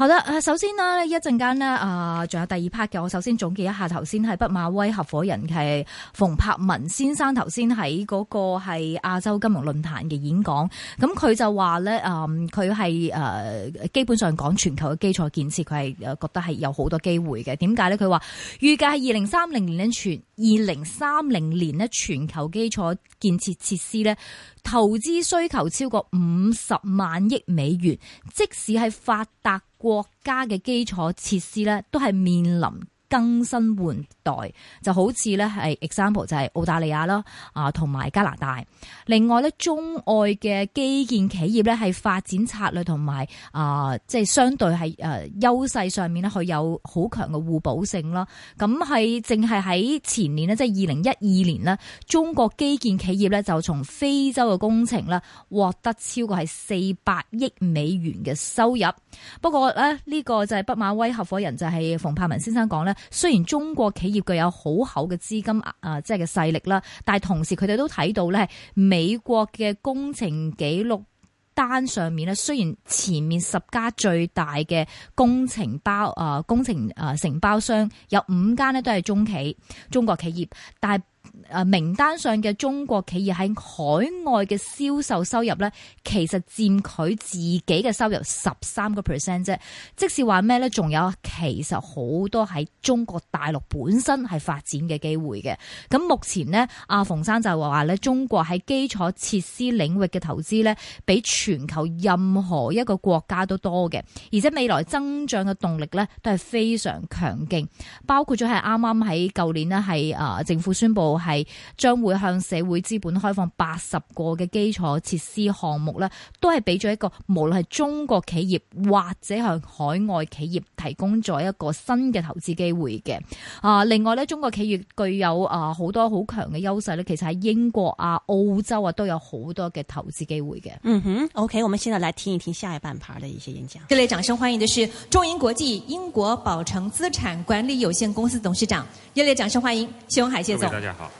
好啦，啊，首先啦，一陣間呢，啊、呃，仲有第二 part 嘅，我首先總結一下頭先係畢馬威合夥人係馮柏文先生頭先喺嗰個係亞洲金融論壇嘅演講，咁佢就話咧，嗯、呃，佢係誒基本上講全球嘅基礎建設，佢係覺得係有好多機會嘅。點解咧？佢話預計係二零三零年咧全二零三零年咧全球基礎建設設施咧投資需求超過五十萬億美元，即使係發達。國家嘅基礎設施咧，都係面臨。更新換代就好似咧，係 example 就係澳大利亞啦，啊同埋加拿大。另外咧，中外嘅基建企業咧，係發展策略同埋啊，即係相對係誒優勢上面咧，佢有好強嘅互補性囉。咁係淨係喺前年呢，即係二零一二年呢，中國基建企業咧就從非洲嘅工程咧獲得超過係四百億美元嘅收入。不過咧，呢、這個就係畢馬威合夥人就係馮柏文先生講咧。雖然中國企業具有好厚嘅資金啊，即係嘅勢力啦，但係同時佢哋都睇到咧，美國嘅工程紀錄單上面咧，雖然前面十家最大嘅工程包啊，工程啊承包商有五間咧都係中企，中國企業，但係。啊！名單上嘅中國企業喺海外嘅銷售收入咧，其實佔佢自己嘅收入十三個 percent 啫。即使話咩咧，仲有其實好多喺中國大陸本身係發展嘅機會嘅。咁目前咧，阿馮生就話話咧，中國喺基礎設施領域嘅投資咧，比全球任何一個國家都多嘅，而且未來增長嘅動力咧都係非常強勁，包括咗係啱啱喺舊年咧，係啊政府宣布係。將會向社會資本開放八十個嘅基礎設施項目呢，都係俾咗一個無論係中國企業或者向海外企業提供咗一個新嘅投資機會嘅。啊，另外呢，中國企業具有啊好多好強嘅優勢呢，其實喺英國啊、澳洲啊都有好多嘅投資機會嘅。嗯哼，OK，我們現在嚟聽一聽下一半牌嘅一些演講。熱烈掌聲歡迎嘅是中銀國際英國保誠資產管理有限公司董事長。熱烈掌聲歡迎謝湧海謝總。大家好。